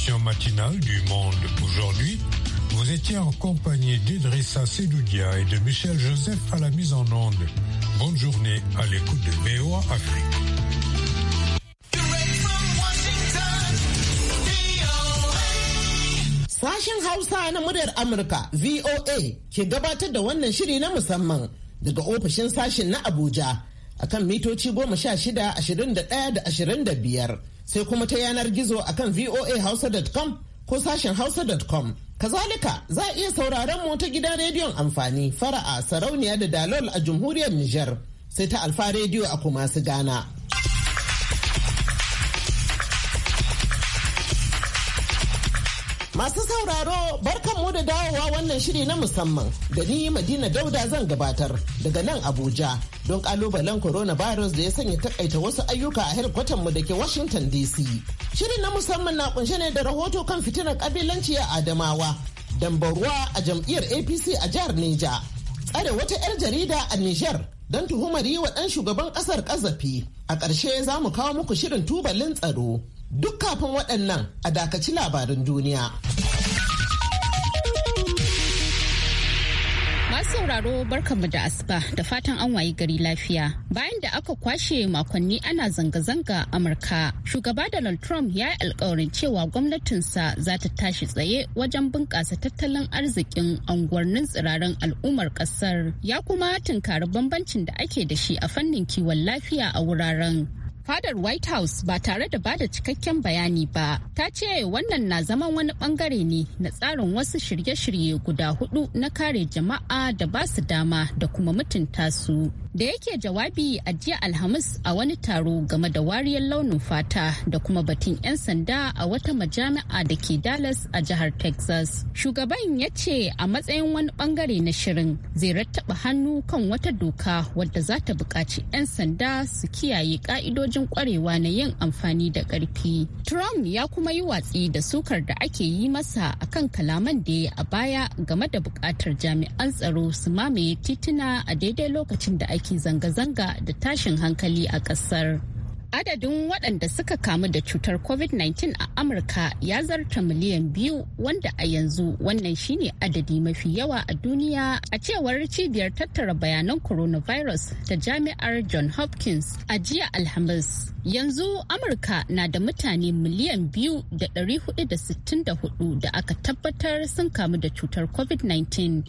édition matinale du Monde aujourd'hui, vous étiez en compagnie d'Idrissa Sedoudia et de Michel Joseph à la mise en onde. Bonne journée à l'écoute de VOA Afrique. Sashen Hausa na muryar Amurka VOA ke gabatar da wannan shiri na musamman daga ofishin sashen na Abuja akan mitoci goma sha shida ashirin da ɗaya da ashirin da biyar. sai kuma ta yanar gizo akan voahausa.com ko sashen hausa.com. Kazalika za a iya sauraron mu ta gidan rediyon amfani fara'a sarauniya da dalol a jamhuriyar Nijar sai ta alfa rediyo a kuma su gana. Masu sauraro barkanmu da dawowa wannan shiri na musamman da ni Madina Dauda zan gabatar daga nan Abuja don kalubalen virus da ya sanya takaita wasu ayyuka a hirkwatan mu da ke Washington DC. Shirin na musamman na kunshe ne da rahoto kan fitinar kabilanci a Adamawa, dambarwa a jam'iyyar APC a jihar Neja, tsare wata 'yar jarida a Nijar don tuhumar yi wa ɗan shugaban ƙasar ƙazafi. A ƙarshe za mu kawo muku shirin tubalin tsaro. Duk kafin waɗannan a dakaci labarin duniya. sauraro barkanmu da asuba da fatan an wayi gari lafiya. Bayan da aka kwashe makonni ana zanga-zanga Amurka, shugaba Donald Trump ya yi alkawarin cewa gwamnatinsa za ta tashi tsaye wajen bunƙasa tattalin arzikin unguwannin tsirarin al'ummar ƙasar. Ya kuma tunkari bambancin da ake da shi a fannin kiwon lafiya a wuraren. fadar white house ba tare da bada cikakken bayani ba ta ce wannan na zaman wani bangare ne na tsarin wasu shirye-shirye guda hudu na kare jama'a da ba su dama da kuma mutunta su da yake jawabi a jiya alhamis a wani taro game da wariyar launin fata da kuma batun 'yan sanda a wata majami'a da ke dallas a jihar texas shugaban ya ce a matsayin wani bangare na shirin zai rattaba hannu kan wata doka wadda za ta buƙaci 'yan sanda su kiyaye ka'idojin cikin kwarewa na yin amfani da ƙarfi. Trump ya kuma yi watsi da sukar da ake yi masa a kan kalaman da ya a baya game da buƙatar jami'an tsaro su mamaye tituna a daidai lokacin da ake zanga-zanga da tashin hankali a ƙasar. Adadin waɗanda suka kamu da cutar COVID-19 a Amurka ya zarta miliyan biyu wanda a yanzu wannan shine adadi mafi yawa a duniya a cewar cibiyar tattara bayanan coronavirus ta jami'ar John Hopkins a jiya Alhamis. Yanzu Amurka na da mutane miliyan biyu da ɗari hudu da sittin da hudu da aka tabbatar sun kamu da cutar COVID-19.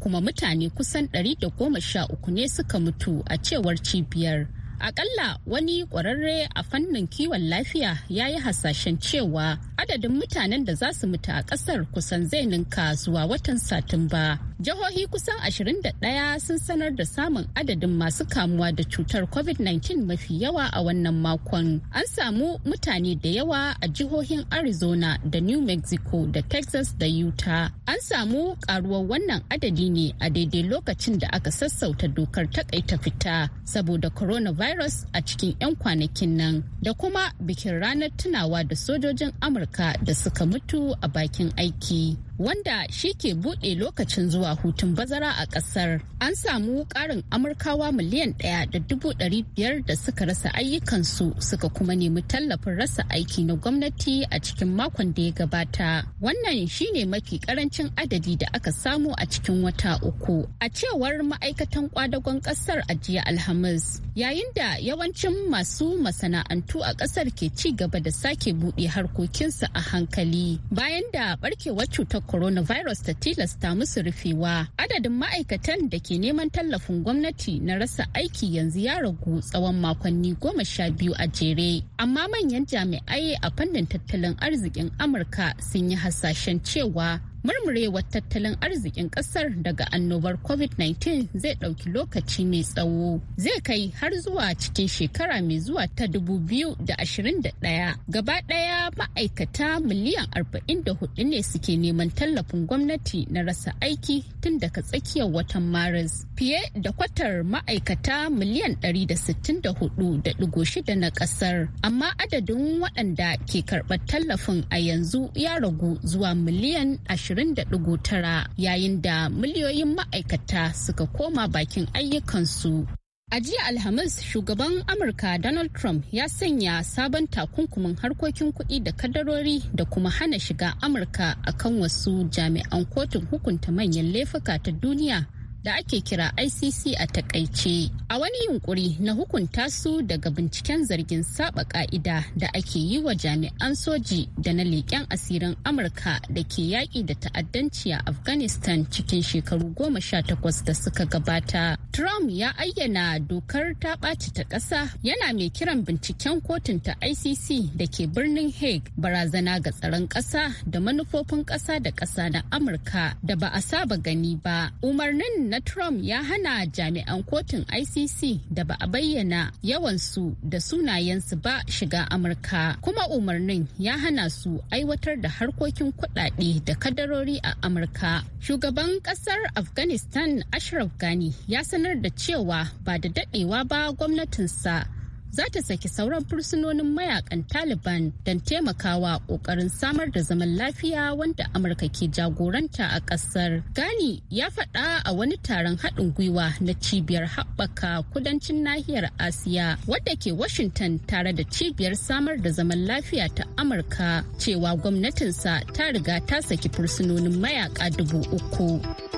kuma mutane kusan ɗari da goma sha uku ne suka mutu a cewar cibiyar. Akalla wani ƙwararre a fannin kiwon lafiya ya yi hasashen cewa adadin mutanen da za su mutu a ƙasar kusan zai ninka zuwa watan Satumba. Jihohi kusan 21 sun sanar da samun adadin masu kamuwa da cutar COVID-19 mafi yawa a wannan makon. An samu mutane da yawa a jihohin Arizona da New Mexico da Texas da Utah. An samu karuwar wannan adadi ne a daidai lokacin da aka sassauta dokar takaita fita saboda coronavirus a cikin 'yan kwanakin nan da kuma bikin ranar tunawa da sojojin Amurka da suka mutu a bakin aiki. Wanda shi ke buɗe lokacin zuwa zuwa hutun bazara a kasar an samu karin amurkawa miliyan ɗaya da dubu ɗari biyar da suka rasa ayyukansu suka kuma nemi tallafin rasa aiki na gwamnati a cikin makon da ya gabata wannan shine mafi karancin adadi da aka samu a cikin wata uku a cewar ma'aikatan kwadagon kasar a jiya alhamis yayin da yawancin masu masana'antu a kasar ke ci gaba da sake buɗe harkokinsu a hankali bayan da barkewar cutar coronavirus ta tilasta musu rufe cewa adadin ma'aikatan da ke neman tallafin gwamnati na rasa aiki yanzu ya ragu tsawon makonni goma sha biyu a jere. Amma manyan jami'ai a fannin tattalin arzikin Amurka sun yi hasashen cewa murmurewar tattalin arzikin kasar daga annobar covid-19 zai ɗauki lokaci mai tsawo zai kai har zuwa cikin shekara mai zuwa ta 2021 gaba ɗaya ma'aikata miliyan 44 ne suke neman tallafin gwamnati na rasa aiki tun daga tsakiyar watan maris fiye da kwatar ma'aikata miliyan 164.6 na kasar amma adadin waɗanda ke karɓar tallafin a yanzu ya ragu zuwa miliyan 20 20.9 yayin da miliyoyin ma'aikata suka koma bakin ayyukansu. A jiya Alhamis, shugaban Amurka Donald Trump ya sanya sabon takunkumin harkokin kuɗi da kadarori da kuma hana shiga Amurka akan wasu jami'an kotun hukunta manyan laifuka ta duniya da ake kira ICC a takaice. A wani yunkuri na hukunta su daga binciken zargin saba ka'ida da ake yi wa jami'an soji da na leƙen asirin Amurka da ke yaƙi da ta'addanci a Afghanistan cikin shekaru goma sha takwas da suka gabata. Trump ya ayyana dokar ta ɓaci ta ƙasa yana mai kiran binciken kotun ta ICC da ke birnin Hague barazana ga tsaron ƙasa da manufofin ƙasa da ƙasa na Amurka da ba a saba gani ba. Umarnin na Trump ya hana jami'an kotun ICC da ba a bayyana yawansu da sunayensu ba shiga Amurka. Kuma umarnin ya hana su aiwatar da harkokin kuɗaɗe da kadarori a Amurka. Shugaban ƙasar Afghanistan Ashraf Ghani ya sanar da cewa ba da daɗewa ba gwamnatinsa za ta saki sauran fursunonin mayakan Taliban don taimakawa kokarin samar da zaman lafiya wanda Amurka ke jagoranta a kasar. Gani ya faɗa a wani taron haɗin gwiwa na cibiyar haɓaka kudancin nahiyar Asiya wadda ke Washington tare da cibiyar samar da zaman lafiya ta Amurka cewa gwamnatinsa ta riga ta saki fursunonin mayaka dubu uku.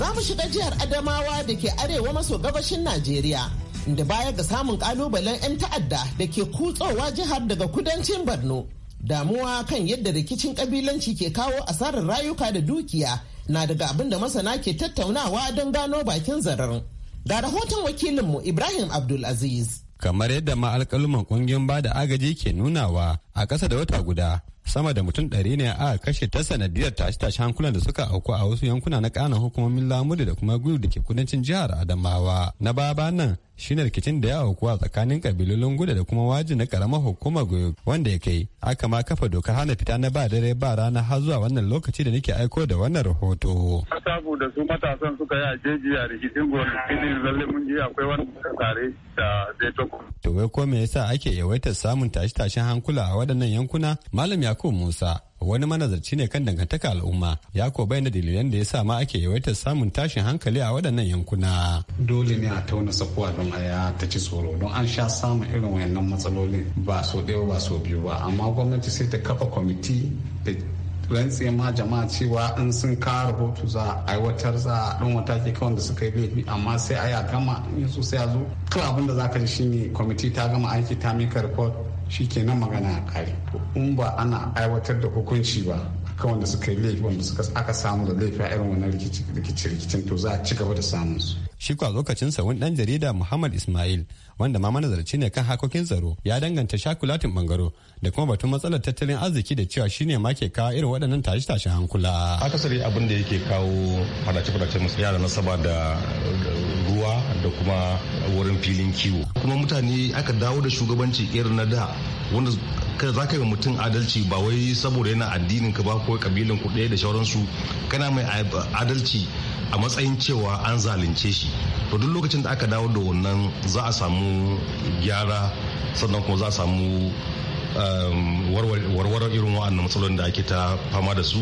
Za mu shiga jihar Adamawa da ke arewa maso gabashin Najeriya. inda baya ga samun kalubalen 'yan ta'adda da ke kutsowa jihar daga kudancin Borno. Damuwa kan yadda rikicin kabilanci ke kawo asarar rayuka da dukiya na daga abin da masana ke tattaunawa don gano bakin zararin. Ga rahoton wakilinmu Ibrahim Abdulaziz. Kamar yadda ma alƙaluman kungiyar ba da agaji ke nunawa a ƙasa da wata guda sama da mutum ɗari ne a kashe ta sanadiyar tashe-tashe hankulan da suka auku a wasu yankuna na kanan hukumomin lamuri da kuma gudu da ke kudancin jihar adamawa na baba nan shine rikicin da ya a tsakanin kabilolin guda da kuma waji na karamar hukumar goyo wanda ya kai aka ma kafa dokar hana fita na ba dare ba rana har zuwa wannan lokaci da nake aiko da wannan rahoto. samu da su matasan suka yi a jeji a rikicin gona ne zalle mun ji akwai wani kasare da zai To wai ko me yasa ake yawaitar samun tashe-tashen hankula a waɗannan yankuna? Malam Yakubu Musa wani manazarci ne kan dangantaka al'umma ya ko bayyana dalilan da ya sa ma ake yawaitar samun tashin hankali a waɗannan yankuna. Dole ne a tauna sakuwa don a ya ta ci tsoro don an sha samun irin wayannan matsalolin ba so ɗaya ba so biyu ba amma gwamnati sai ta kafa kwamiti da rantse ma jama'a cewa in sun kawo rahoto za a aiwatar za a ɗan mataki kawai da suka yi laifi amma sai a ya gama in so sai a zo to abin da za ka ji shi ne kwamiti ta gama aiki ta mika report shi kenan magana a kare in ba ana aiwatar da hukunci ba kan wanda suka yi laifi wanda suka aka samu da laifi a irin wannan rikici-rikicin to za a ci gaba da samun su. shi kwa lokacin sa wani dan jarida muhammad ismail wanda ma manazarci ne kan hakokin tsaro ya danganta shakulatin bangaro da kuma batun matsalar tattalin arziki da cewa shine ma ke kawo irin waɗannan tashe-tashen hankula. akasari abin da yake kawo fadace-fadace musu yara nasaba da da kuma wurin filin kiwo kuma mutane aka dawo da shugabanci irin na da wanda kada za ka yi mutum adalci ba wai saboda yana addinin ka ba ko kabilan ku ɗaya da sauransu kana mai adalci a matsayin cewa an zalunce shi to duk lokacin da aka dawo da wannan za a samu gyara sannan kuma za a samu um, warware irin wa'annan matsalolin da ake ta fama da su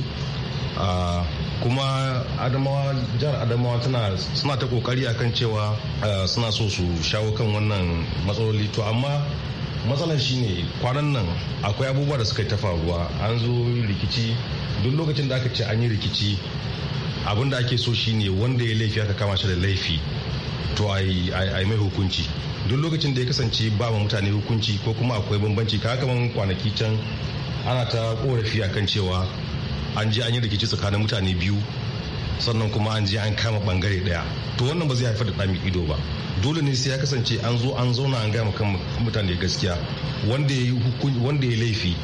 ah, kuma adamawa jihar adamawa tana suna ta kokari akan cewa eh, suna so su shawo kan wannan matsaloli to amma matsalar shine kwanan nan akwai abubuwa da suka yi ta faruwa an zo rikici duk lokacin da aka ce an yi rikici abinda ake so shine wanda ya laifi aka kama shi da laifi to a yi mai hukunci duk lokacin da ya kasance ba ma mutane hukunci ko kuma akwai bambanci ka kaman kwanaki can ana ta korafi akan cewa an je an yi rikici tsakanin mutane biyu sannan kuma an je an kama bangare daya to wannan ba zai haifar da dami ido ba dole ne sai ya kasance an zo an zauna an gama kan mutane gaskiya wanda ya yi wanda ya laifi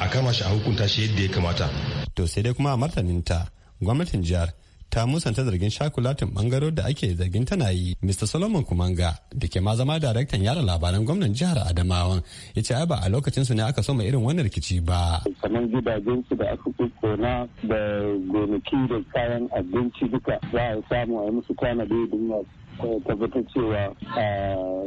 a kama shi a hukunta shi yadda ya kamata to sai dai kuma a ta gwamnatin jihar ta musanta zargin shakulatin bangaro da ake zargin tana yi mr solomon kumanga da ke ma zama daraktan yara labaran gwamnan jihar adamawa ya ce ba a lokacin su ne aka soma irin wannan rikici ba sanan gidajen su da aka kona da gonaki da kayan abinci duka za a samu a yi musu kwana biyu tabbatar cewa kan ah,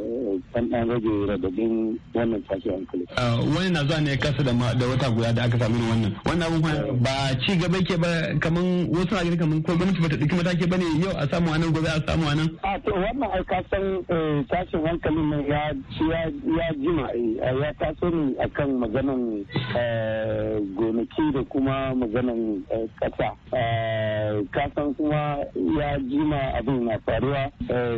ɗan rage radadin wannan tashi hankali. Ah, wani na zuwa ne kasa da wata guda da aka samu wannan. Wannan abubuwan ba ci gaba ke ba kaman wasu na gani kaman ko gwamnati ba ta ɗauki mataki ba ne yau a samu anan gobe a samu anan. A ah, to wannan ai ka san eh, tashin hankalin nan ya ya jima eh, ya taso ne akan maganan eh, gonaki da kuma maganan ƙasa. Ka san kuma ya jima abin na faruwa.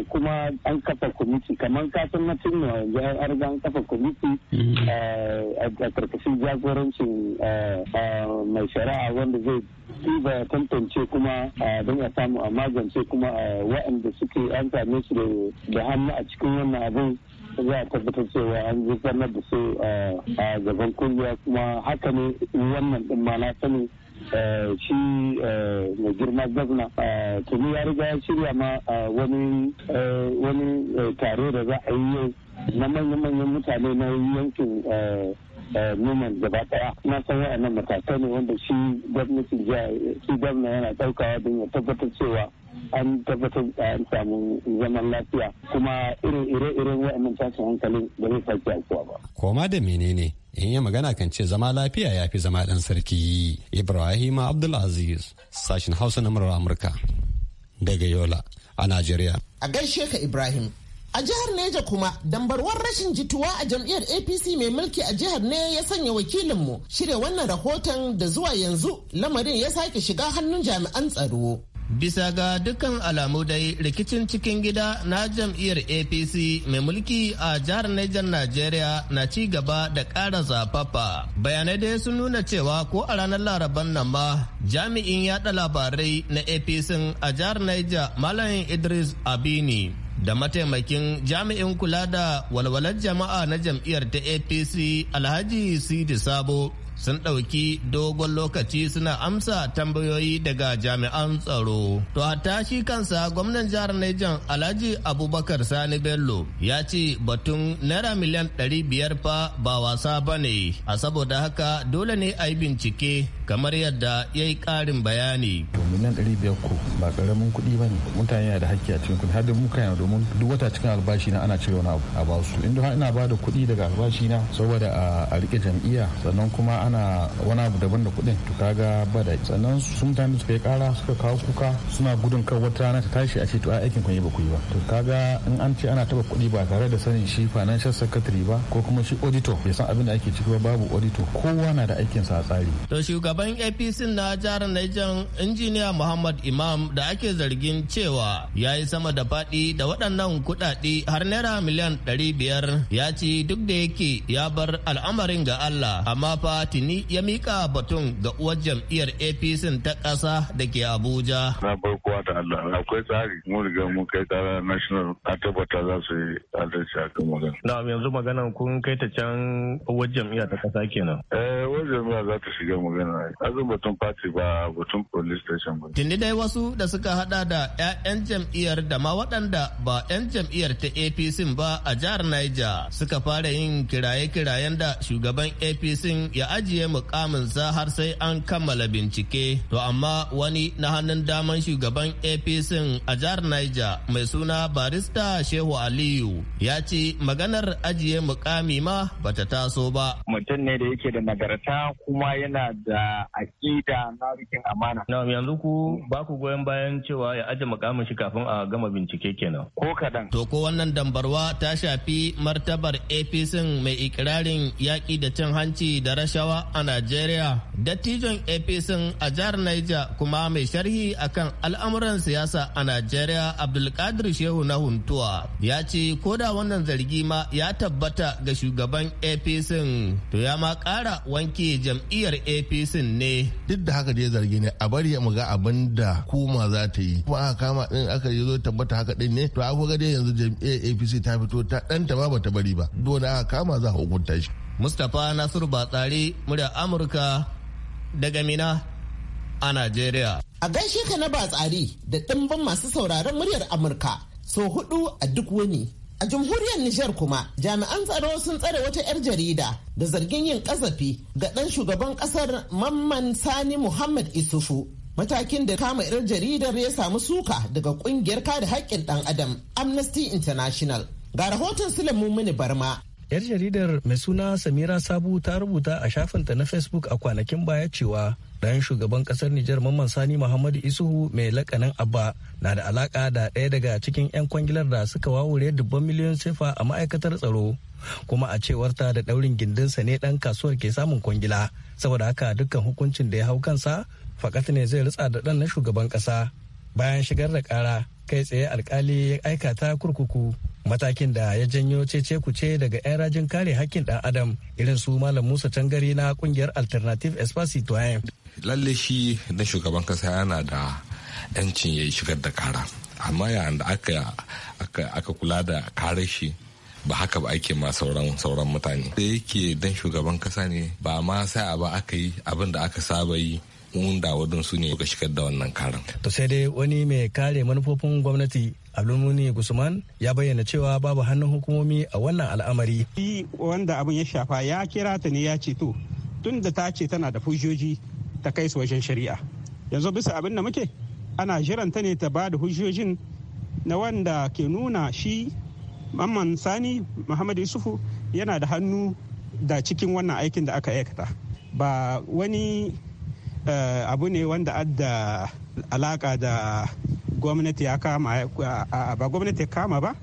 kuma an kafa kwamiti kamar kasan na cinna yanzu an a an kafa kwamiti mm-hmm. eh, a karkashin jagorancin eh, eh, mai shari'a wanda zai ba tantance kuma don a samu a magance kuma waɗanda suke an same su da hannu a cikin wannan abin za a tabbatar cewa an gudanar da su a gaban kungiya kuma haka ne wannan ɗin ma na sani Eh, shi eh, mai girma gwamna eh, tuni ya riga ya shirya ma wani tare da za a yi yau na manyan-manyan mutane na yankin numan gaba daya na san waɗannan matakai ne wanda shi gwamnatin jiya shi gwamna yana daukawa don ya tabbatar cewa an tabbatar da an samu zaman lafiya kuma irin ire-iren waɗannan tashin hankalin da zai sake aukuwa ba. Koma da menene in yi magana kan ce zama lafiya ya fi zama ɗan sarki ibrahim abdulaziz sashen hausa na murar amurka daga yola a najeriya a gaishe ka ibrahim a jihar neja kuma dambarwar rashin jituwa a jam'iyyar apc mai mulki a jihar ne ya sanya wakilinmu shirya wannan rahoton da zuwa yanzu lamarin ya sake shiga hannun jami'an tsaro bisa ga dukkan alamu dai rikicin cikin gida na jam'iyyar apc mai mulki a jihar niger najeriya na ci gaba da ƙara zafafa bayanai dai sun nuna cewa ko a ranar laraban nan ma jami'in yada labarai na apc a jihar niger malam idris abini da mataimakin jami'in kula da walwalar jama'a na jam'iyyar ta apc alhaji sidi sabo sun ɗauki dogon lokaci suna amsa tambayoyi daga jami'an tsaro. To a tashi kansa gwamnan jihar Niger Alhaji Abubakar Sani Bello ya ce batun naira miliyan 500 fa ba wasa ba ne, a saboda haka dole ne a yi bincike kamar yadda ya yi karin bayani. nan ɗari biyar ko ba ƙaramin kuɗi ba ne mutane yana da hakki a cikin kuɗi har da mu kayan domin duk wata cikin albashi na ana cire wani abu ba su inda har ina ba da kuɗi daga albashi na saboda a riƙe jam'iyya sannan kuma ana wani abu daban da kuɗin to kaga ba da sannan sun mutane suka yi ƙara suka kawo kuka suna gudun kan wata rana ta tashi a ce to aikin kun yi ba ku yi ba to kaga in an ce ana taɓa kuɗi ba tare da sanin shi financial secretary ba ko kuma shi auditor bai san abin da ake ciki ba babu auditor kowa na da aikinsa a tsari. To shugaban apc na jihar niger injiniya muhammad imam da ake zargin cewa ya yi sama da faɗi da waɗannan kuɗaɗe har naira miliyan 500 ya ci duk da yake ya bar al'amarin ga allah amma fa tuni ya miƙa batun ga uwar jam'iyyar apc ta ƙasa da ke abuja na farko da allah akwai tsari mun riga mun kai tsara national a tabbata za su yi adalci a kan magana na yanzu maganan kun kai ta can uwar jam'iyyar ta ƙasa kenan eh wani jami'a za ta shiga magana batun party ba batun police station ba. dai wasu da suka hada da 'ya'yan jam'iyyar da ma waɗanda ba 'yan jam'iyyar ta APC ba a jihar Niger suka fara yin kiraye-kirayen da shugaban APC ya ajiye mukaminsa har sai an kammala bincike. To amma wani na hannun daman shugaban APC a jihar Niger mai suna barista Shehu Aliyu ya ce maganar ajiye mukami ma bata taso ba. Mutum ne da yake da nagarta ta kuma yana da aƙida na rikin amana. Na yanzu ku ba ku goyon bayan cewa ya aje makamin shi kafin a gama bincike kenan. Ko kadan. To ko wannan dambarwa ta shafi martabar APC mai ikirarin yaƙi da cin hanci da rashawa a Najeriya. Dattijon APC a jihar Niger kuma mai sharhi akan al'amuran siyasa a Najeriya Abdulkadir Shehu na Huntuwa ya ce ko da wannan zargi ma ya tabbata ga shugaban APC to ya ma ƙara wanke soke jam'iyyar apc ne duk da haka dai zargi ne a bari mu ga abin da kuma za ta yi kuma aka kama din aka yi zo tabbata haka din ne to aka ga dai yanzu jam'iyyar apc ta fito ta dan ta ba bata bari ba dole aka kama za a hukunta shi mustapha nasiru batsari murya amurka daga mina a najeriya a gaishe ka na batsari da dimbin masu sauraron muryar amurka so hudu a duk wani A jamhuriyar Nijar kuma jami'an tsaro sun tsare wata 'yar jarida da zargin yin kasafi ga ɗan shugaban ƙasar Mamman Sani Muhammad Isufu. Matakin da kama 'yar jaridar ya samu suka daga ƙungiyar kada haƙƙin ɗan Adam Amnesty International. Ga rahoton Sulaimu Mini Barma Yar jaridar mai suna Samira Sabu ta rubuta a shafinta na Facebook a kwanakin baya cewa ɗayan shugaban ƙasar Nijar Mamman Sani Muhammadu Isuhu mai lakanin Abba na da alaƙa da ɗaya daga cikin 'yan kwangilar da suka wawure dubban miliyon sefa a ma'aikatar tsaro. Kuma a cewarta da ɗaurin gindinsa ne dan kasuwar ke samun kwangila. Saboda haka dukkan hukuncin da ya hau kansa fakat ne zai ritsa da ɗan na shugaban ƙasa. Bayan shigar da kara kai tsaye alkali ya aikata kurkuku matakin da ya janyo cece kuce daga 'yan rajin kare hakkin ɗan adam irin su malam musa tangari na kungiyar alternative espacito lalle shi na shugaban kasa yana da 'yancin ya shigar da kara amma yayin da aka kula da kare shi ba haka ba ake ma sauran sauran mutane da yake dan shugaban kasa ne ba ma sai a ba aka yi abin da aka saba yi wadun wadansu ne suka shigar da wannan karan. To sai dai wani mai kare manufofin gwamnati Abdulmuni Gusman ya bayyana cewa babu hannun hukumomi a wannan al'amari. wanda abin ya shafa ya kira ta ne ya ce to tun da ta ce tana da hujjoji ta kai su wajen shari'a. Yanzu bisa abin da muke ana jiran ta ne ta ba da hujjojin na wanda ke nuna shi Mamman Sani Muhammad Yusufu yana da hannu da cikin wannan aikin da aka aikata. Ba wani Eh, abu ne wanda adda alaka da gwamnati ya kama ba gwamnati ya kama ba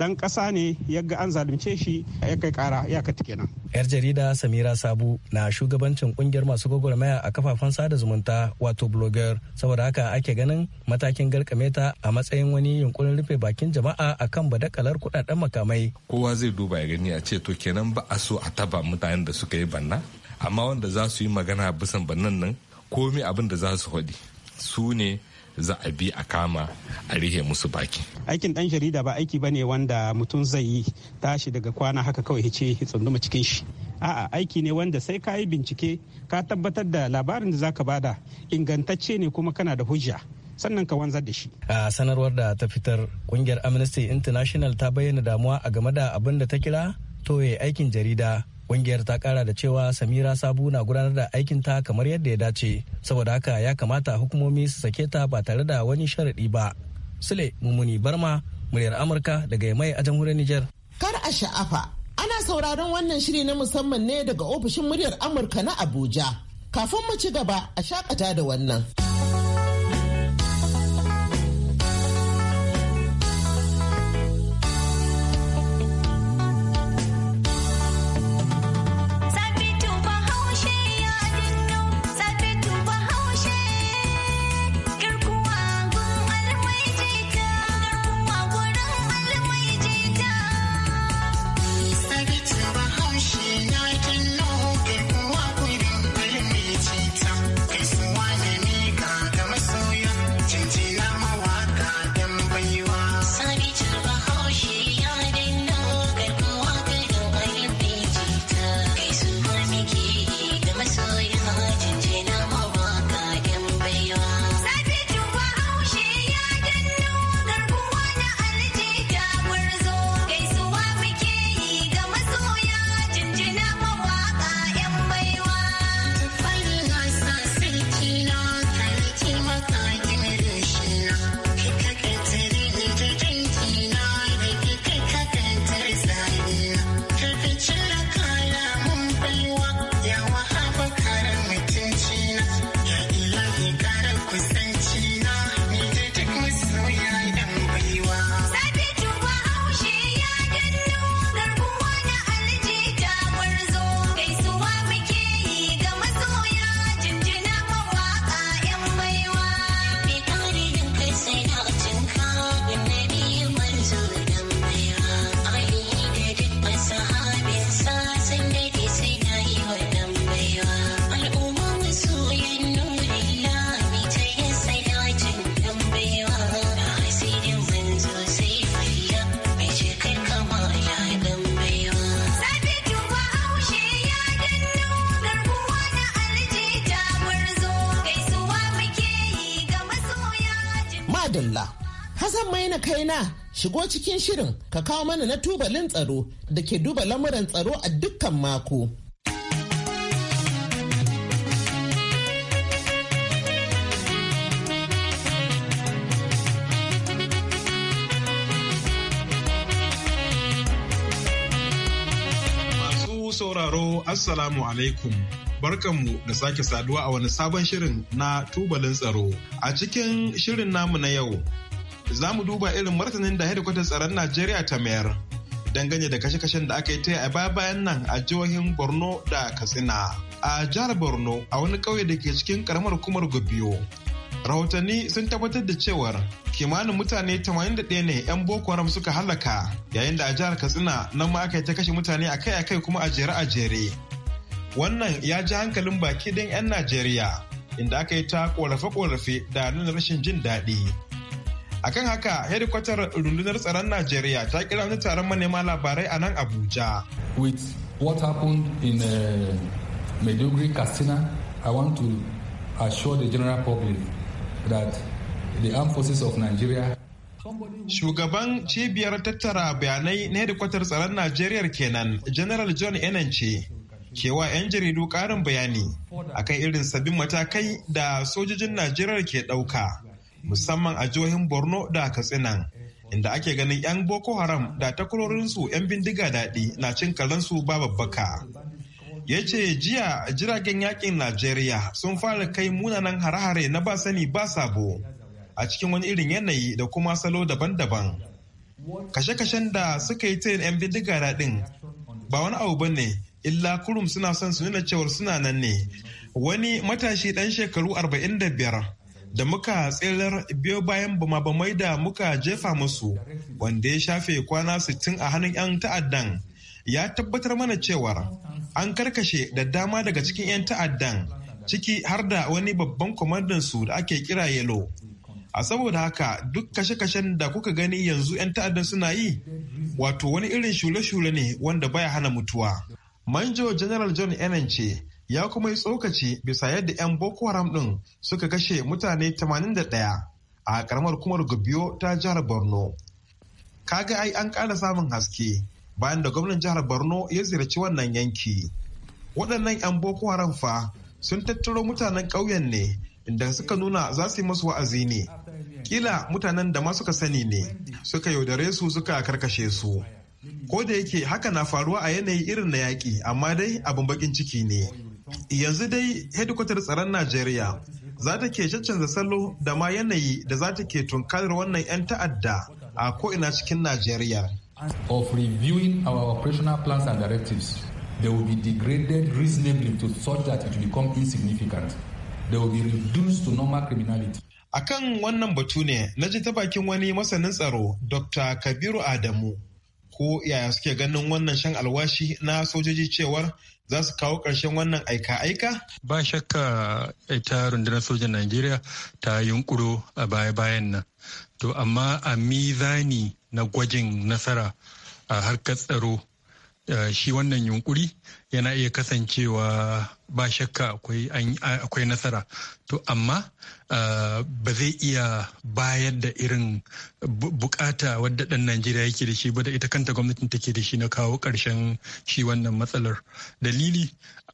dan ƙasa ne yaga an zalunce shi ya kai ƙara ya kati kenan. yar jarida samira sabu na shugabancin kungiyar masu gwagwarmaya a kafafen sada zumunta wato blogger saboda haka ake ganin matakin garkameta a matsayin wani yunkurin rufe bakin jama'a a kan badakalar kudaden makamai kowa zai duba ya gani a ce to kenan ba a so a taba mutanen da suka yi banna amma wanda za su yi magana bisan bannan nan komi abin da za su haɗi su ne za a bi a kama a rihe musu baki. Aikin dan jarida ba aiki ba ne wanda mutum zai yi tashi daga kwana haka kawai hice tsunduma cikin shi. A'a aiki ne wanda sai ka yi bincike ka tabbatar da labarin da zaka bada ingantacce ne kuma kana da hujja. sannan ka wanzar da shi. A sanarwar da ta fitar kungiyar Amnesty International ta bayyana damuwa a game da abin da ta kira toye aikin jarida Kungiyar ta kara da cewa Samira Sabu na gudanar da aikin ta kamar yadda ya dace, saboda haka ya kamata hukumomi su sake ta ba tare da wani sharaɗi ba. Sule Mumuni Barma, muryar Amurka daga mai a jamhuriyar Nijar. Kar a sha'afa, ana sauraron wannan shiri na musamman ne daga ofishin muryar Amurka na Abuja. Kafin mu ci gaba a shakata da wannan. shigo cikin shirin ka kawo mana na tubalin tsaro da ke duba lamuran tsaro a dukkan mako. Masu sauraro Assalamu alaikum. barkanmu da sake saduwa a wani sabon shirin na tubalin tsaro. A cikin shirin namu na yau, za mu duba irin martanin da hedikwatar tsaron Najeriya ta mayar dangane da kashe-kashen da aka yi ta a baya-bayan nan a jihohin Borno da Katsina. A jihar Borno a wani ƙauye da ke cikin karamar kumar Gobiyo. Rahotanni sun tabbatar da cewar kimanin mutane 81 ne 'yan Boko Haram suka halaka yayin da a jihar Katsina nan ma aka yi ta kashe mutane a kai-a kai kuma a jere-a jere. Wannan ya ji hankalin baki don 'yan Najeriya inda aka yi ta ƙorafe-ƙorafe da nuna rashin jin daɗi. akan haka hedikwatar rundunar tsaron najeriya ta kira wani taron manema labarai a nan abuja with what happened in uh, maiduguri katsina i want to assure the general public that the armed forces of nigeria Shugaban cibiyar tattara bayanai na hedikwatar tsaron Najeriya kenan, General John Enanche, kewa 'yan jaridu ƙarin bayani akan irin sabbin matakai da sojojin Najeriya ke ɗauka. musamman a jihohin borno da Katsina inda ake ganin 'yan boko haram da takwarorinsu 'yan bindiga daɗi na cin su ba babbaka ya ce jiya jiragen yakin najeriya sun fara kai munanan hare-hare na ba sani ba sabo a cikin wani irin yanayi da kuma salo daban-daban kashe-kashen da suka yi ta 'yan bindiga daɗin ba wani abu ba ne illa kurum suna son su nuna cewar suna nan ne wani matashi ɗan shekaru arba'in da biyar. da muka tserar biyo bayan bama da muka jefa musu wanda ya shafe kwana 60 a hannun 'yan ta'addan ya tabbatar mana cewar an karkashe da dama daga cikin 'yan ta'addan ciki har da wani babban kwamandan su da ake kira yelo a saboda haka duk kashe-kashen da kuka gani yanzu 'yan ta'addan suna yi wato wani irin shule-shule ne wanda baya hana mutuwa manjo general john ce ya kuma yi tsokaci bisa yadda 'yan boko haram ɗin suka kashe mutane 81 a karamar kumar gubiyo ta jihar borno kaga ai an ƙara samun haske bayan da gwamnan jihar borno ya ziyarci wannan yanki waɗannan 'yan boko haram fa sun tattaro mutanen ƙauyen ne inda suka nuna za su yi masu wa'azi ne kila mutanen da ma suka sani ne suka yaudare su suka karkashe su ko da yake haka na faruwa a yanayi irin na yaƙi amma dai abin bakin ciki ne Yanzu dai hedikwatar tsaron Najeriya za ta ke cancanza salo da ma yanayi da za ta ke tunkarar wannan 'yan ta'adda a ko'ina cikin Najeriya. Of reviewing our operational plans and directives, they will be degraded reasonably to such that it will become insignificant. They will be reduced to normal criminality. A wannan batu ne na ji ta bakin wani masanin tsaro Dr. Kabiru Adamu ko yaya suke ganin wannan shan alwashi na sojoji cewar za su kawo ƙarshen wannan aika-aika? Ba shakka ita rundunar sojan Najeriya ta yunkuro a baya-bayan nan. To amma a mizani na gwajin nasara a harkar tsaro eh, shi wannan yunkuri yana iya kasancewa ba shakka akwai nasara to amma uh, ba zai iya bayar da irin bukata wadda dan najeriya yake da shi ba da ita kanta gwamnatin take da shi na kawo ƙarshen shi wannan matsalar dalili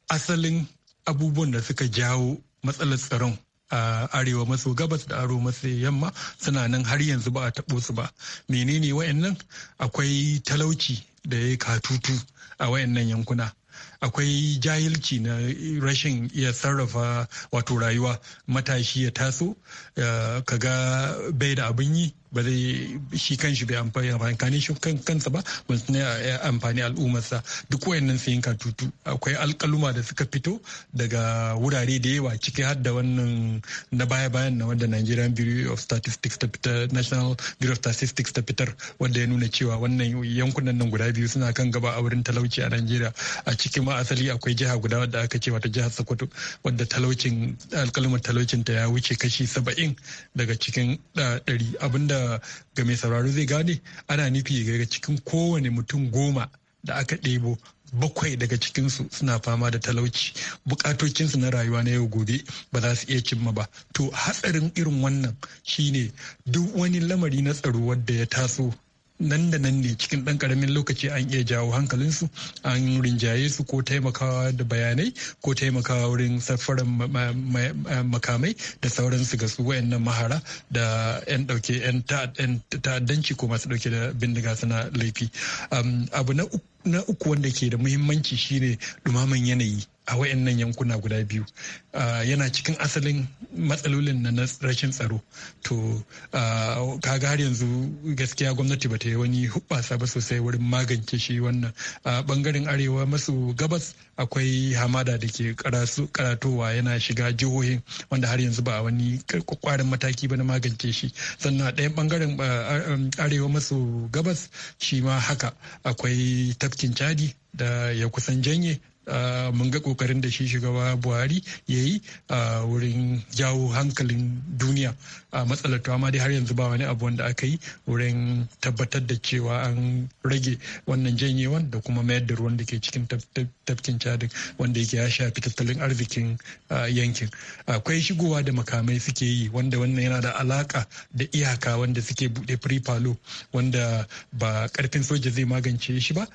asalin abubuwan da suka jawo matsalar tsaron a uh, arewa maso gabas da aro maso yamma suna nan har yanzu ba a taɓo su ba menene wayannan akwai talauci da ya katutu a wayannan yankuna akwai jahilci na rashin iya sarrafa wato rayuwa matashi ya taso eh, kaga bai da abin yi ba zai shi kan shi bai amfani amfani shi kansa ba ba a ne amfani al'ummarsa duk wayannan su yin katutu akwai alkaluma da suka fito daga wurare da yawa ciki har da wannan na baya bayan na wanda Nigerian Bureau of Statistics ta fitar National Bureau of Statistics ta fitar wanda ya nuna cewa wannan yankunan nan guda biyu suna kan gaba a wurin talauci a nigeria. a cikin ma asali akwai jiha guda wadda aka ce wata jihar Sokoto wadda talaucin alkalumar talaucin ta ya wuce kashi saba'in daga cikin eh, ɗari abinda ga mai sauraro zai gane ana nufi daga cikin kowane mutum goma da aka ɗebo bakwai daga cikinsu suna fama da talauci bukatocinsu na rayuwa na yau gobe ba za su iya cimma ba to hatsarin irin wannan shine duk wani lamari na tsaro wadda ya taso nan da nan ne cikin ɗan ƙaramin lokaci an iya jawo hankalinsu an rinjaye su ko taimakawa da bayanai ko taimakawa wurin safarar makamai da sauransu ga su wayannan mahara da 'yan ɗauke 'yan ta'addanci ko masu ɗauke da bindiga suna laifi abu na uku wanda ke da muhimmanci shine dumaman yanayi a wayannan yankuna guda biyu yana cikin asalin matsalolin na rashin tsaro to har yanzu gaskiya gwamnati ba ta yi wani hubbasa ba sosai wurin magance shi wannan bangaren arewa masu gabas akwai hamada da ke karatowa yana shiga jihohin wanda har yanzu ba wani kwakwaran mataki ba na magance shi sannan a ɗayan bangaren um, arewa maso gabas shi ma haka akwai tafkin chadi da ya kusan janye mun ga kokarin da shi shugaba buhari ya yi a wurin jawo hankalin duniya a matsalar amma dai har yanzu ba wani abu wanda aka yi wurin tabbatar da cewa an rage wannan janyewan da kuma mayar da ruwan da ke cikin tafkin cadin wanda yake ya shafi tattalin arzikin yankin akwai shigowa da makamai suke yi wanda wannan yana da alaka da iyaka wanda suke buɗe free wanda ba karfin soja zai magance shi ba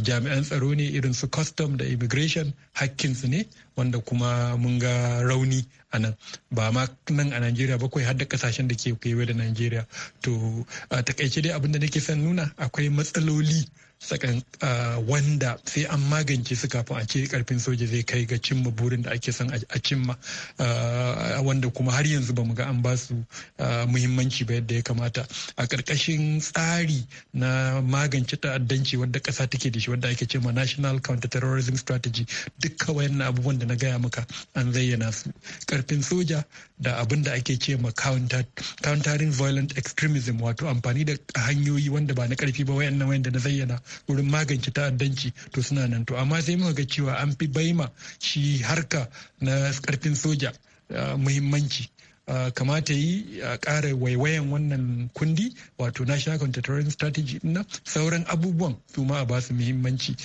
jami'an tsaro ne irin su custom da immigration immigration hakkinsu ne wanda kuma mun ga rauni a nan ba ma nan a nigeria ba kawai har da kasashen da ke kewaye da nigeria to a takaice dai abin da nake son nuna akwai matsaloli sakan ah, wanda sai an magance su kafin a ce karfin soja zai kai ga cimma burin da ake son a cimma ah, wanda kuma har yanzu ba mu ga an ba su ah, muhimmanci ba yadda ya kamata a ƙarƙashin tsari na magance ta'addanci wadda ƙasa take da shi wadda ake cewa national counter-terrorism strategy dukka wayannan abubuwan da na gaya maka an zayyana su karfin soja da abin da ake ce ma countering violent extremism wato amfani da hanyoyi wanda ba na karfi ba wayannan wayanda na zayyana wurin magance ta'addanci to suna nan to amma sai muka ga cewa an fi baima shi harka na karfin soja ah, muhimmanci kamata yi a kara waiwayan wannan kundi wato national counterterrorism strategy na sauran abubuwan su ma a basu muhimmanci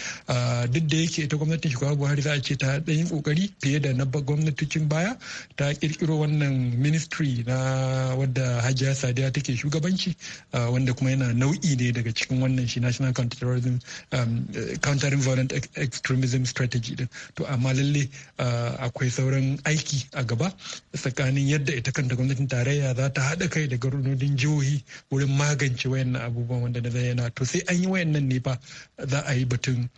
duk da yake ita gwamnatin shugaba buhari za a ce ta ɗanyi ƙoƙari fiye da na gwamnatocin baya ta ƙirƙiro wannan ministry na wadda hajiya sadiya take shugabanci wanda kuma yana nau'i ne daga cikin wannan shi national counterterrorism um, countering violent extremism strategy din to amma lalle akwai sauran aiki a gaba tsakanin yadda ita ta kanta gwamnatin tarayya za ta haɗa kai da garunodin jihohi wurin magance wayannan abubuwan wanda na zayyana to sai an yi wayannan ne fa za a yi batun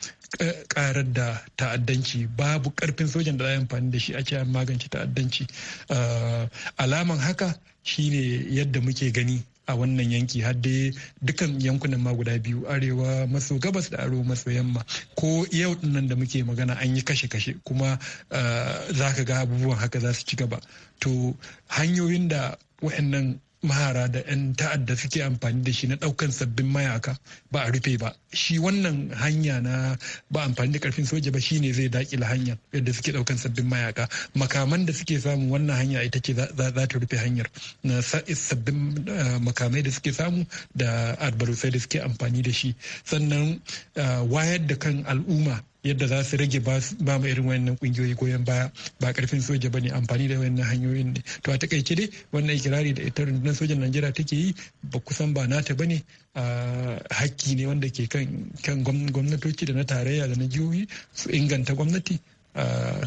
karar eh, da ta'addanci babu karfin sojan da za a yi amfani da shi a ce an magance ta'addanci ah, alaman haka shine yadda muke gani a wannan yanki har dai dukan yankunan ma guda biyu arewa maso gabas da arewa maso yamma ko yau nan da muke magana an yi kashe-kashe kuma eh, za ka ga abubuwan haka za su ci gaba to hanyoyin da waɗannan mahara da 'yan ta'adda suke amfani da shi na ɗaukan sabbin mayaka ba a rufe ba shi wannan hanya na ba amfani da karfin soja ba shine zai dakila hanyar yadda suke ɗaukan sabbin mayaka makaman da suke samu wannan hanya ita ce za ta rufe hanyar na sabbin eh, makamai da suke samu da albarusai da suke amfani da shi sannan eh, wayar da kan al'umma yadda za su rage ba mu irin wayannan kungiyoyi goyon baya ba karfin soja bane amfani da wayannan hanyoyin ne to a takaice dai wannan ikirari da ita rundunar sojan Najeriya take yi ba kusan ba nata bane ah, hakki ne wanda ke kan gwamnatoci da na tarayya da na jihohi su inganta gwamnati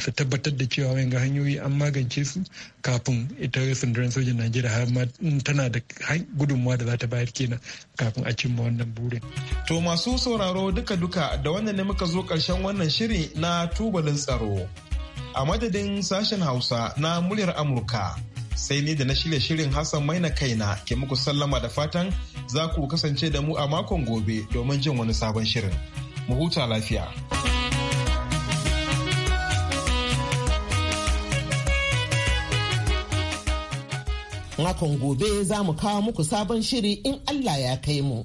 su tabbatar da cewa wayan hanyoyi an magance su kafin ita sunduran sojan najeriya har ma tana da gudunmuwa da za ta bayar kenan kafin a cimma wannan burin to masu sauraro duka duka da wannan ne muka zo karshen wannan shiri na tubalin tsaro a madadin sashen hausa na muryar amurka sai ni da na shirya shirin hassan maina kaina ke muku sallama da fatan za ku kasance da mu a makon gobe domin jin wani sabon shirin mu huta lafiya. Makon gobe za mu kawo muku sabon shiri in Allah ya kai mu.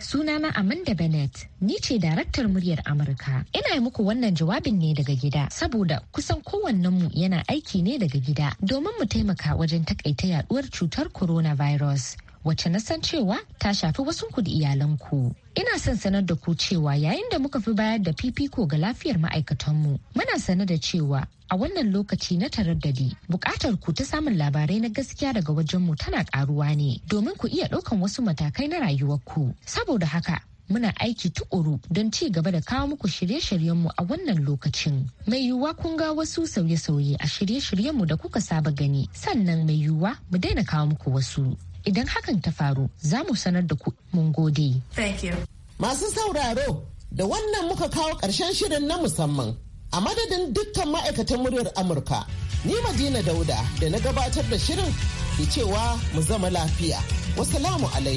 Sunana Amanda Bennett, ni ce daraktar muryar Amurka. Ina yi muku wannan jawabin ne daga gida, saboda kusan kowannenmu yana aiki ne daga gida domin mu taimaka wajen takaita yaduwar cutar coronavirus. wacce na san cewa ta shafi wasu ku da iyalanku. Ina son sanar da ku cewa yayin da muka fi bayar da fifiko ga lafiyar ma'aikatanmu, muna sane da cewa a wannan lokaci na taraddadi buƙatar ku ta samun labarai na gaskiya daga wajenmu tana ƙaruwa ne domin ku iya ɗaukan wasu matakai na rayuwarku. Saboda haka, muna aiki tuƙuru don ci gaba da kawo muku shirye-shiryenmu a wannan lokacin. Mai yiwuwa kun ga wasu sauye-sauye a shirye-shiryenmu da kuka saba gani, sannan mai yiwuwa mu daina kawo muku wasu. Idan hakan ta faru za mu sanar da ku mun gode. Masu sauraro da wannan muka kawo ƙarshen shirin na musamman a madadin dukkan ma'aikatan muryar Amurka. Ni Madina Dauda da na gabatar da shirin ke cewa mu zama lafiya. Wasalamu alaikum.